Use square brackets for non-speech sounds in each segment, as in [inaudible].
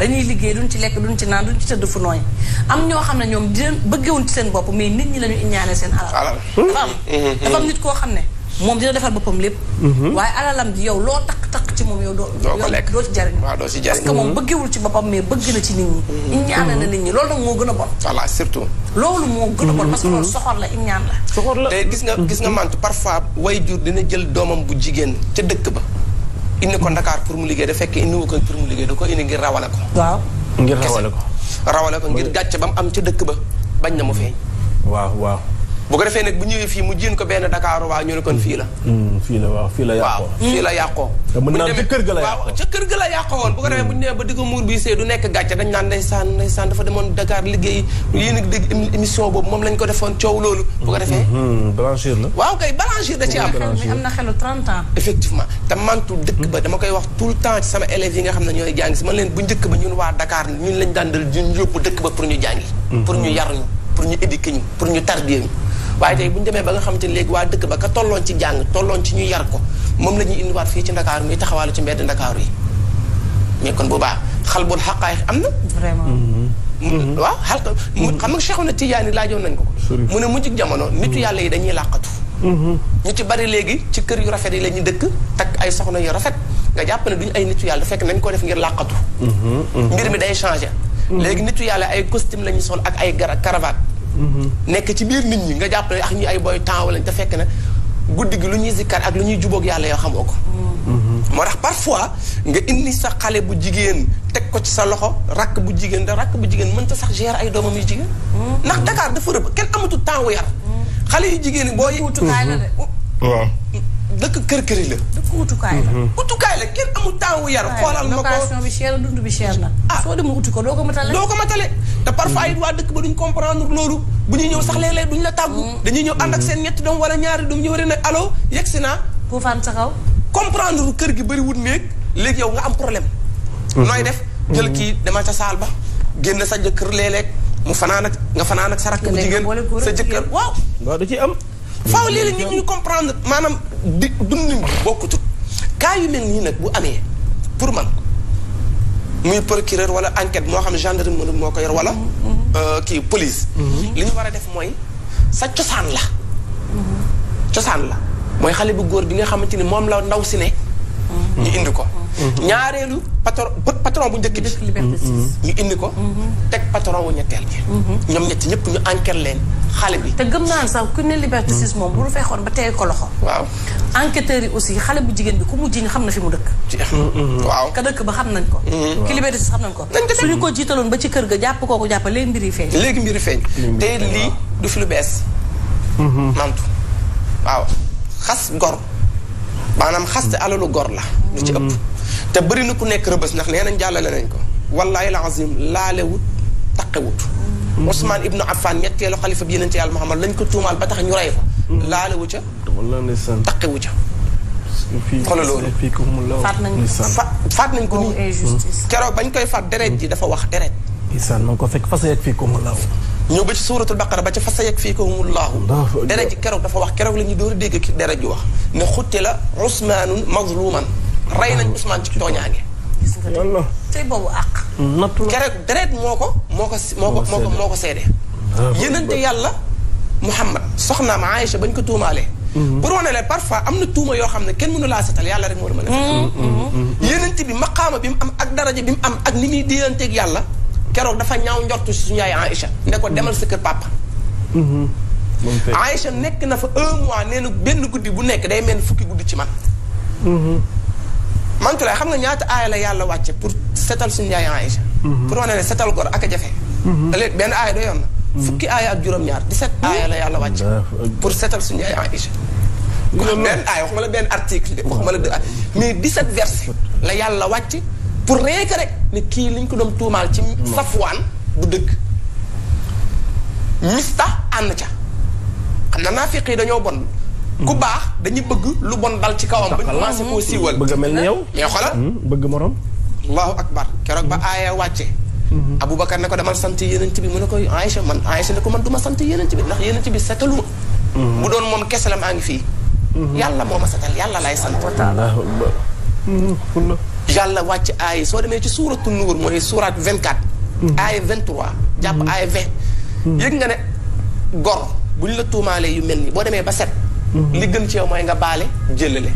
dañuy liggéey duñ ci lekk duñ ci naan duñ ci tëdd fu nooy am ñoo xam ne ñoom di leen bëggewuñ ci seen bopp mais nit ñi lañu ñaanee seen alal mm-hmm. Mm-hmm. dafa am nit koo xam ne moom dina defal boppam lépp mm-hmm. waaye alalam yow loo takk takk ci moom yow doo doo ci jariñ parce que moom bëggewul ci boppam mais bëgg na ci nit ñi ñaan na nit ñi loolu nag moo gën a bon voilà surtout loolu moo gën a bon parce que loolu soxor la ñaan la te gis nga gis nga mant parfois way jur dina jël doomam bu jigéen ca dëkk ba indi ko Dakar pour mu liggéey da fekk indi ko pour mu liggéey da ko indi ngir rawale ko. waaw ngir rawale ko. rawale ko ngir gàcce ba mu am ca dëkk ba bañ na mu feeñ. waaw waaw. bu ko defee nag bu ñëwee fii mu jiin ko benn Dakar waa ñu ne kon fii la. Hmm, fii la waaw fii la yàqoo. ga la yàqoo kër ga la yàqoo woon. bu ko defee bu ñu nee ba diggu muur bi see du nekk gàcce dañ naan ndeysaan ndeysaan moom lañ ko defoon coow loolu. ko defee. Hmm, hmm, blanchir na xelu 30 ans. effectivement ba dama koy wax tout le temps ci sama élèves xam ne ñooy jàng leen bu njëkk ba ñun waa Dakar ñun lañ daan dal ñun yóbbu dëkk ba pour ñu jàngi pour ñu yar pour ñu éduquer ñu pour ñu tarbier ñu waaye tey bu ñu demee ba nga xamante ni léegi waa dëkk ba ka tolloon ci jàng tolloon ci ñu yar ko moom la ñuy indiwaat fii ci ndakaaru muy taxawaalu ci mbedd ndakaaru yi mais kon bu baax xal bul xaqaay am na. vraiment. Mm-hmm. waaw xal xam nga Cheikhouna Tidiane laajoon nañ ko. mu ne mujj jamono nitu yàlla yi dañuy làqatu. Mm-hmm. ñu ci bari léegi ci kër yu rafet yi la ñuy dëkk takk ay soxna yu rafet nga jàpp ne duñu ay nitu yàlla fekk nañ ko def ngir làqatu. Mm-hmm. mbir mi day changé. Mm-hmm. léegi nitu yàlla ay costume la ñu sol ak ay gara cravate mm-hmm. nekk ci biir nit ñi nga jàppale ak ah ñu ay boy temps wala te fekk na guddi gi lu ñuy zikkar ak lu ñuy jubóog yàlla yoo xamoo ko mm-hmm. moo tax parfois nga indi sa xale bu jigéen teg ko ci sa loxo rakk bu jigéen da rakk bu jigéen mënta sax gérer ay doomam yu jigéen ndax Dakar dafa rëbb kenn amatu temps wu yar xale yu jigéen yi boo waaw dëkk kër këri la. dëkk utukaay la. Mhm. utukaay la kenn amul temps wu yar. xoolal ma ko location bi cher la dund bi cher la. ah soo demee uti ko doo ko matale. doo ko matale te parfois it waa dëkk ba duñ comprendre loolu bu ñuy ñëw sax léeg-léeg duñ la tàggu. Mm. dañuy ñëw ànd ak seen ñetti doom wala ñaari doom ñëw rek ne allo yegg si naa. puufaan sa kaw. comprendre kër gi bëri wut néeg léegi yow nga am problème. Mhm. nooy def jël kii demal ca saal ba génn sa jëkkër léeg-léeg mu fanaan ak nga fanaan ak sa rakk bu jigéen sa jëkkër waaw. waaw da ciy am faaw léeg-léeg comprendre maanaam di dundin bi bokkutut cas yu mel nii nag bu amee pour man muy procureur wala enquête moo xam gendarmerie moo ko yor wala mhm. euh, kii police mhm. li ñu war a def mooy sa cosaan la mhm. cosaan la mooy xale bu góor bi nga xamante ni moom la ndaw si ne ñu indi ko. ñaareelu patron patron bu njëkk bi. ñu indi ko. teg patron wu ñetteel bi. ñoom ñetti ñëpp ñu enquête leen xale bi. te gën naan sax ku ne liberté 6 moom bu lu feexoon ba tey ko loxo. waaw enquêteurs yi aussi xale bu jigéen bi ku mu jiñ xam na fi mu dëkk. [laughs] waaw ka dëkk ba xam nañ ko. Mm-hmm. ki liberté 6 xam nañ ko. su ñu ko jiitaloon ba ci kër ga jàpp kooku jàpp léegi mbir yi feeñ. léegi mbir yi feeñ. te lii du fi lu bees. mantu mm-hmm. waaw xas gor. manam xaste alalu gor la lu ci ëpp te bari na ku nekk rebeus nak nee jàllale nañ ko wallahi alazim la wut laalewut wut usman ibn Affan ñetteelu khalifa bi yeneen ci yàlla Muhammad lañ ko tuumaal ba tax ñu ray ko wut ca taqewu ca xoolal loolu faat nañ ko fat nañ ko nii kéro bañ koy fat deret ji dafa wax deret nissan mo ko fekk fas ak fi ko mu laaw ñëw ba ci suuratul baqara ba ca fa sayakfiikuhumu llaahu dara ji keroog dafa wax keroog la ñu door a dégg ki dara ji wax ne xutti la usmaanun mazluman rey nañ usmaan ci tooñaange yàlla tey boobu àq nattu keroog deret moo ko moo ko moo ko moo ko moo ko seede yenente yàlla muhammad soxnaam Aïcha bañ ko tuumaalee pour wane ne parfois am na tuuma yoo xam ne kenn mënu laa setal yàlla rek moo la mën a setal yenente bi maqaama bi mu am ak daraja bi mu am ak ni muy déyanteeg yàlla keroog dafa ñaaw njortu si suñu yaay Aïcha ne ko demal sa kër papa. Mm-hmm. Aïcha nekk na fa un mois nee na benn guddi bu nekk day mel fukki guddi ci man. Mm-hmm. mantulaay xam nga ñaata aaya la yàlla wàcce pour setal suñ yaay Aïcha. Mm-hmm. pour wane ne setal góor ak a jafe. léegi benn aaya doyoon na. fukki aaya ak juróom-ñaar 17 aaya la yàlla wàcce. pour setal suñu yaay Aïcha. benn aaya waxuma la benn article waxuma la mais 17 versets la yàlla wàcce. pour rien que rek ne ki liñ ko dom tumal ci safwan bu deug mista ànd ca xamna nafiqi naa bon ku hmm. bax dañu bëgg lu bon dal ci kawam bañ commencé koo siiwal bëgg melni yow mais xoolal hmm, bëgg morom allahu akbar kérok ba aaya wàcce hmm. abubakar ne ko demal sant yenent bi mu ne ko man aisha ne ko man duma sant yeenent bi ndax yeenent bi setaluma bu doon mom kessalam angi fi yalla moma setal lay sant allahu akbar yàlla wàcc aay soo demee ci suuratu nuur mooy suuraat hmm. hmm. vingt quatre aay vingt trois jàpp aay vingt yëg nga ne gor bu ñu la tuumaalee yu mel nii boo demee ba set hmm. li gën ci yow mooy nga baale jëlale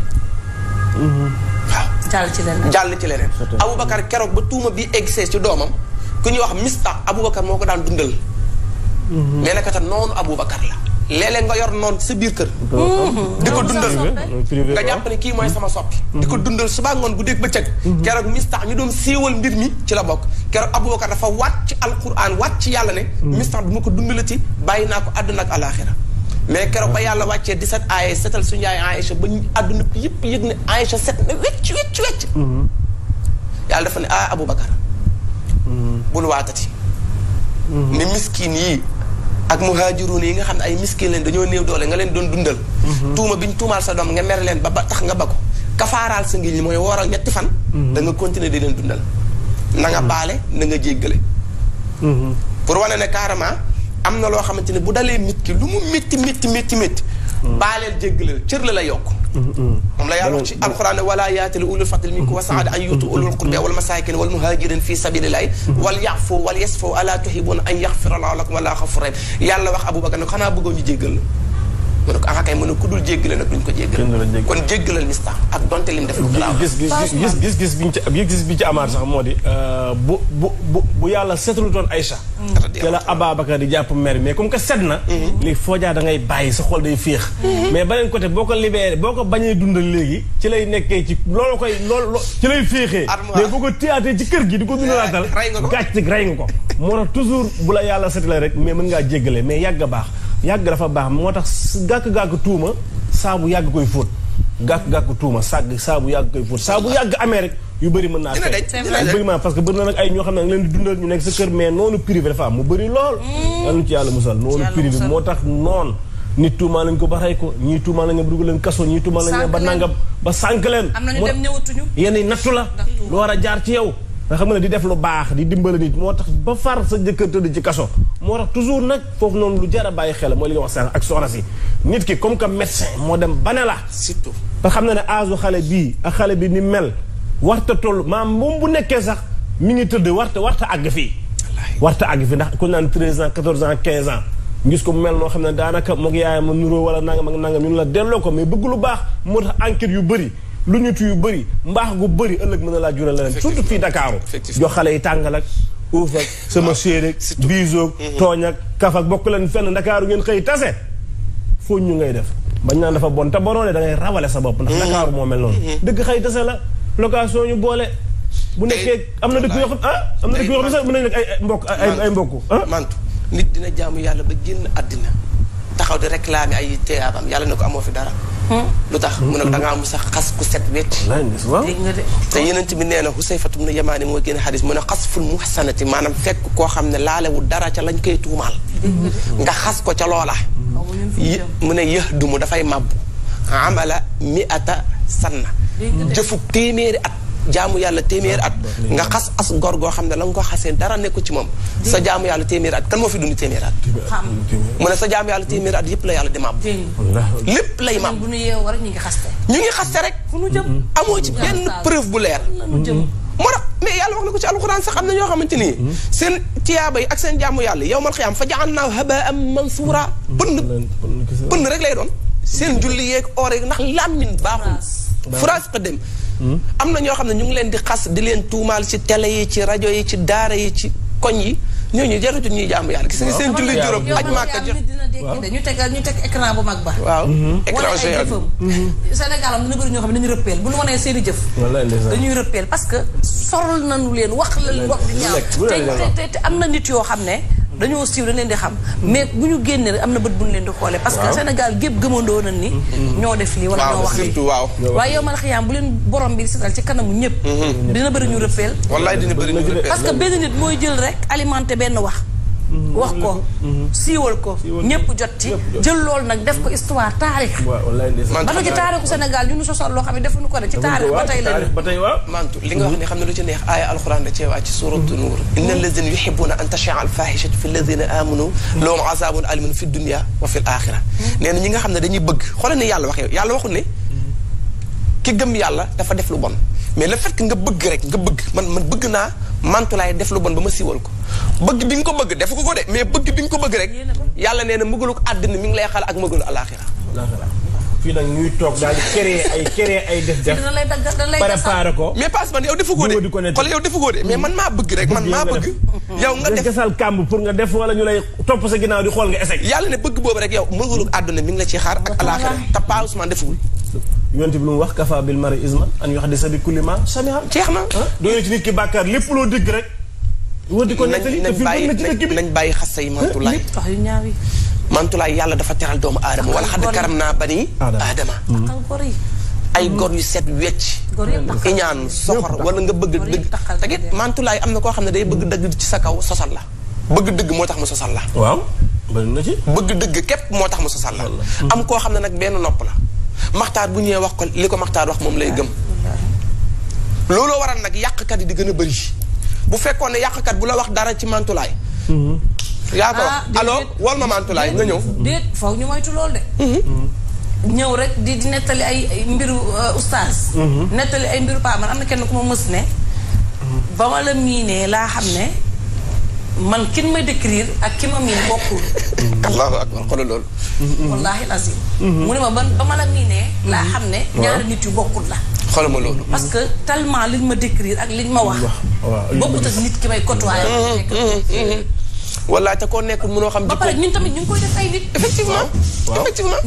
waaw jàll ci leneen jàll ci leneen Aboubacar keroog ba tuuma bi egsee ci doomam ku ñuy wax mista Aboubacar moo ko daan dundal mais naka tam noonu Aboubacar la léeg-léeg nga yor noonu sa biir kër. di ko dundal nga jàpp ne kii mooy sama soppi. di ko mm-hmm. dundal subaa ngoon guddeeg bëccëg. Mm-hmm. keroog mistax ñu doon siiwal mbir mi ci la bokk. keroog Abubakar dafa waat ci alquran waat ci yàlla ne. Mm-hmm. mistax du ma ko dundalati bàyyi naa ko àdduna ak alaxira mais keroog ba yàlla wàccee 17 aaya setal su yaay Aïcha ba ñu àdduna yëpp yëg ne Aïcha set na wecc wecc yàlla dafa ne ah Abubakar. bul waatati. ne miskin yii. ak muhaajiruun yi nga xam ne ay miskin leen dañoo néew doole nga leen doon dundal mhm. tuuma bi ñu tuumaal sa doom nga mer leen ba ba tax nga ba ko kafaaraal sa ngi li mooy wooral ñetti fan mhm. danga nga continuer di leen dundal na nga mhm. baale na nga jéggale pour wane ne carrément am na loo xamante ne bu dalee nit ki lu mu métti métti métti baaleel jéggaleel cër la la yokk moom la yàlla wax ci alquran wala yaatali ulul fadl minkum wa saada an yutu ulul qurbe wal masaakin wal muhajirin fi sabilillahi wal yafu wal yasfu ala tuhibun an yaxfira allahu lakum wala xafurahim yàlla wax abubakar ne xanaa bëggoon ñu jéggal la mu ne ko ah kay mu ne ku dul jéggale kon jéggalal mistax ak donte lim def lu garaaw gis gis gis gis biñ ci gis bi ci amaat sax moo di bu bu bu bu yàlla seetalutoon Aïcha la Ababacar di jàpp mer mais comme que set na léegi foojaa da ngay bàyyi sa xol day féex mais beneen côté boo ko libéré boo ko bañee dundal léegi ci lay nekkee ci loolu koy loolu ci lay féexee mais boo ko ci kër gi di ko dundalaatal gàcc rey nga ko moo tax toujours bu la yàlla setale rek mais mën ngaa jéggale mais yàgg baax yag dafa bax motax gak gak tuuma sa bu yag koy foot gak gak tuuma sa bu yag koy foot sa bu yag amerique yu bëri mën naa yu bëri mën parce que bëri nak ay ñoo xamna ngi leen di dundal ñu nekk sa kër mais nonu privé dafa mu bëri lool mm. yàlla ci yalla musal nonu privé motax non noonu nit tuumaa lañ ko baxay ko ñi tuuma lañ ko dugg leen kaso ñii tuumaa lañ ba nangam ba sank leen amna ñu dem ñewutuñu yene natu la lo wara jaar ci yow nga xamna di def lu baax di dimbal nit motax ba far sa jëkkër di ci kasso moo tax toujours nag foofu noonu lu jar a bàyyi xel mooy li nga wax sànq ak soxna si nit ki comme que médecin moo dem bane ne la. surtout ba xam na ne âge xale bii xale bi ni mel. warta toll maam moom bu nekkee sax mi ngi tëdd warta warta àgg fii. warta àgg fii ndax ku naan 13 ans 14 ans 15 ans. gis ko mu mel noo xam ne daanaka moog yaayam ma nuróo wala nangam ak nangam ñun la delloo ko mais bëgg lu baax moo tax yu bëri lu ñu tu yu bëri mbaax gu bëri ëllëg mën na laa jural leneen surtout fii Dakar. xale yi tàngal uuf ak sama séeréeg biisoog mhm. tooñ ak kaf ak bokk leen fenn ndakaaru ngeen xëy tase foo ñu ngay def bañ naan dafa bon te bonoone da ngay rawale sa bopp ndax mhm. ndakaaru moo mel noonu mhm. dëgg xëy tase la location ñu boole bu nekkee am na dëkk yoo xam ah am na dëkk yoo xam sax mën nañ nekk ay mbokk ay mbokk ah. mantu nit dina jaamu yàlla ba génn àddina taxaw di réclamer ay teeyaabam yàlla ne ko amoo fi dara lu tax mu ne da ngaa mu sax xas ku set wecc te yenent bi nee na Husayfatu bnu Yamaani moo génn xadis mu ne xasful muhsanati maanaam fekk koo xam ne laalewu dara ca lañ koy tuumaal nga xas ko ca loola mu ne yëx dumu dafay màbbu amala mi ata sanna jëfub téeméeri at jaamu yàlla téeméer at ah, nga xas as gor goo xam ne la nga ko xasee dara nekku ci moom sa jaamu yàlla téeméer at kan moo fi dund téeméer at mu ne sa jaamu yàlla téeméer at yëpp la yàlla di màbb lépp lay màbb ñu ngi xaste rek mm-hmm. amoo ci benn preuve bu leer moo tax mais yàlla wax na ko ci alxuraan sax am na ñoo xamante nii mm-hmm. seen tiyaaba yi ak seen jaamu yàlla yow mal xiyaam fa ja'alnaa haba'an mansuura mm-hmm. pënd pënd rek lay doon seen julli yeeg oor yeeg ndax làmmin baaxul France xëddem hmm? am na ñoo xam ne ñu ngi leen di xas di leen tuumaal ci télé yi ci rajo yi ci daara yi ci koñ yi ñooñu jaratu ñuy jaamu yàlla gis nga seen julli juróom aj màkka jox ñu teg ñu teg écran bu mag ba waaw hmm. écran hmm. na ñoo xam ne ñu wanee parce que sorol nañu leen wax la wax di te am na nit yoo xam ne dañoo siiw dañ leen di xam mais bu ñu génnee rek am na bët bu ñu leen di xoolee parce que Sénégal gépp gëmandoo nañ ni mm-hmm. ñoo def lii wala ñoo waaw waaye yow man xiyaam bu leen borom bi setal ci kanamu ñëpp mm-hmm. dina bëri ñu rëppeel wallaay dina bëri ñu rëppeel parce que benn nit mooy jël rek alimenté benn wax wax ko siiwal ko ñëpp jot ci jël loolu nag def ko histoire taarix ba na ci taarixu Sénégal ñu nu sosol loo xam ne defuñu ko de ci taarix ba tey la mantu li nga wax ne xam ne lu ci neex aaya alquran da cee wàcc suratu nuur mm-hmm. inna alladina yuhibuna an tachia alfahishatu fi alladina amanu mm-hmm. lahum azabun alimun fi dunia wa fi l axira mm-hmm. nee na ñi nga xam ne dañuy bëgg xoolal ni yàlla waxee yàlla waxul ne ki gëm yàlla dafa def lu bon mais le fait que nga bëgg rek nga bëgg man man bëgg naa mantulaay def lu bon ba ma siiwal ko bëgg bi nga ko bëgg def ko ko de mais bëgg bi nga ko bëgg rek yàlla nee na mëgalu àddina mi ngi lay toog daal di créer ay créer ay def def préparé ko mais passe man yow nga def gasal kàmb pour nga def wala xool nga essayé yàlla ne bëgg yow mëgalu àdduna mi ngi la ci xaar ak alaxira te Pa Ousmane defugul yonte bi lu mu wax kafa bil mari isma an yox di sa bi kulli ma samiha jeex ah, ci nit ki bàkkaar lépp loo dégg rek wër di ko nettali te biir na ci dëkk bi nañ bàyyi xasta yi mantulaay mantulaay yàlla dafa teral doomu aadama wala xadd karam naa ba bani aadama mm-hmm. ay gor yu set wecc iñaan soxor wala nga bëgg dëgg te it mantulaay am na koo xam ne day bëgg dëgg ci sa kaw sosal la bëgg dëgg moo tax mu sosal la waaw bëri na bëgg dëgg képp moo tax mu sosal la am koo xam ne nag benn nopp la maxtaar bu ñëwee wax ko li ko maxtaar wax moom lay gëm looloo waral nag yàqkat yi di gën a bëri bu fekkoon ne yàqkat bu la wax dara ci mantulaay. Mm-hmm. yaa ko wax ah, alors wol ma mantulaay nga ñëw. déet foog ñu moytu loolu de. Mm-hmm. Mm-hmm. ñëw rek di di nettali ay mbiru euh, oustaz. nettali ay mbiru paa am na kenn ku ma mës ne. ba ma la miinee laa xam ne man kin ma décrire ak ki ma miin bokkul. [laughs] allahu akbar xoolal loolu. wallaahi lazim. mu ne ma ba ma la miinee. laa xam ne ñaari nit yu bokkul la. xoolal ma loolu. parce que tellement liñ ma décrire ak liñ ma wax. waaw bokkut ak nit ki may côtoyer. Mm-hmm, mm-hmm, mm-hmm. wala te koo nekkul mënoo xam. ba pare ñun tamit ñu ngi koy def ay nit. effectivement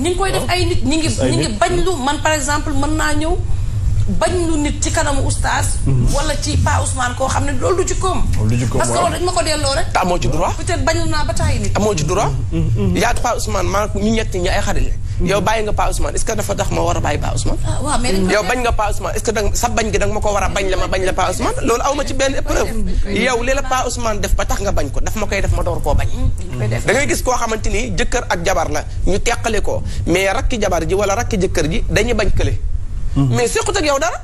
ñu ngi koy def ay nit ñu ngi bañ lu man par exemple mën naa ñëw. bañ lu nit ci kanamu oustaz. wala ci Pa Ousmane koo xam ne loolu du jikkoom. loolu parce que loolu dañ ma ko delloo rek. te amoo ci droit peut-être bañ naa ba taay nit. amoo ci droit. yaa Pa Ousmane maa ñu ñett ñi ay xarit Mm-hmm. yow bàyyi nga Pa Ousmane est-ce dafa tax ma war a bàyyi Pa Ousmane. Ah, bañ nga Pa Ousmane est danga sa bañ gi danga ma ko war a bañ la ma bañ la Pa loolu aw ma ci benn épreuve. yow li la Pa def ba tax nga bañ ko daf ma koy def ma door koo bañ. Mm-hmm. da ngay gis koo xamante ni jëkkër ak jabar la ñu teqale ko mais rakki jabar ji wala rakki jëkkër ji dañuy bañ kële. Mm-hmm. mais sequt ak yow dara.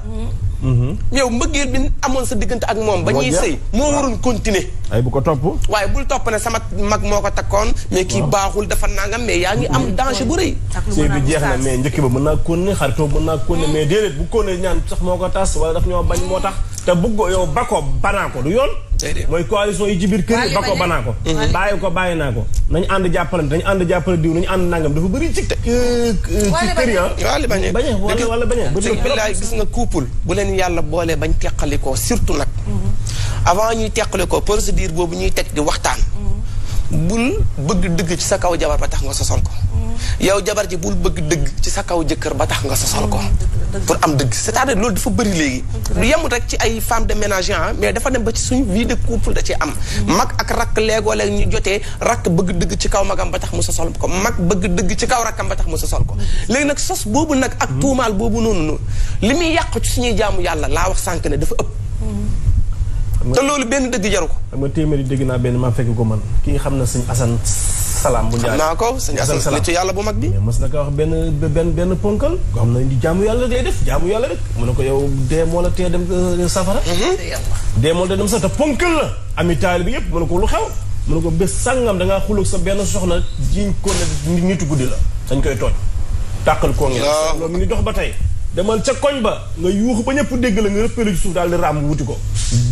Mm-hmm. yow mbëggeel bi amoon sa diggante ak moom ba ñuy sëy moo waroon continuer ay bu ko topp waaye bul topp ne sama mag moo ko takkoon mais kii baaxul dafa nangam mais yaa ngi am mm-hmm. danger bu rëy sëy bi jeex na mais njëkk ba mën naa continuer xaritoo mën naa continuer mm. mais déedéet bu continuer ñaan sax moo ko tas wala daf ñoo bañ moo tax te bëgg yow bako banaa ko du yoon. mooy coalition yi ci biir kër yi bako banaa ko. bàyyi ko bàyyi naa ko nañu ànd jàppalante nañu ànd jàppale diw nañu ànd nangam dafa bëri ci. ci kër ya wala bañee wala wala bañee. bilaay gis nga couple bu leen yàlla boolee bañ teqalikoo surtout nag. Mm-hmm. avant ñuy teqalikoo procédure boobu ñuy teg di waxtaan. Mm-hmm. bul bëgg dëgg ci sa kaw jabar ba tax nga sosol ko. Mm-hmm. yow jabar ji bul bëgg dëgg ci sa kaw jëkkër ba tax nga sosol ko. pour am dëgg c'est-à-dire loolu dafa bëri léegi lu yemul rek ci ay fem de ménage ah, mais dafa dem ba ci suñu vie de couple da ci am mag ak rakk leegoo léeg ñu jotee rakk bëgg dëgg ci kaw magam ba tax mu sosol ko mag bëgg dëgg ci kaw rakkam ba tax mu sosol ko léegi nag sos boobu nag ak tuumaal boobu noonu noonu li muy yàqu ci suñuy jaamu yàlla laa wax sànq ne dafa ëpp te loolu benn dëgg jaru ko. xam nga téeméeri dégg naa benn maa fekk ko man kii xam na sëñ Assane salaam bu Ndiaye. xam naa ko sëñ Assane nitu yàlla bu mag bi. mais na ko wax benn benn benn ponkal. ko xam na di jaamu yàlla rek lay def yàlla rek. mu ne ko yow dee tee dem euh, euh, safara. Mhm. dee moo la tee dem safara la. ami taali bi yëpp mu ko lu xew. mu ne ko bés sàngam da ngaa xulóog sa benn soxna jiñ ko ne nitu guddi la. dañ koy tooñ. tàqal koo ngi. waaw loolu mi ngi dox ba tey. demal ca koñ ba nga yuuxu ba ñëpp dégg la nga rëppale ci suuf daal di ràmm wuti ko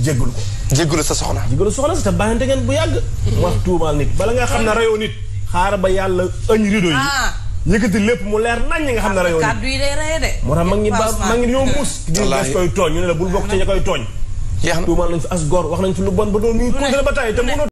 jéggalu ko. jéggalu sa soxna. jéggalu soxna si te baaxante ngeen bu yàgg. Mm-hmm. wax tuumaal nit bala nga xam ne rayoo nit. xaar ba yàlla ëñ rido yi. Ah. yëkkati lépp mu leer nañ ñi nga xam ne rayoo nit. kàddu yi day rey de. moo tax mag ñi ba mag ñi ñoo muus. [laughs] wallaahi di koy tooñ ñu ne la bul bokk ci ña koy tooñ. na tuumaal nañ fi as góor wax nañ fi lu bon ba doon ñu. lu ne ba tey te mënoo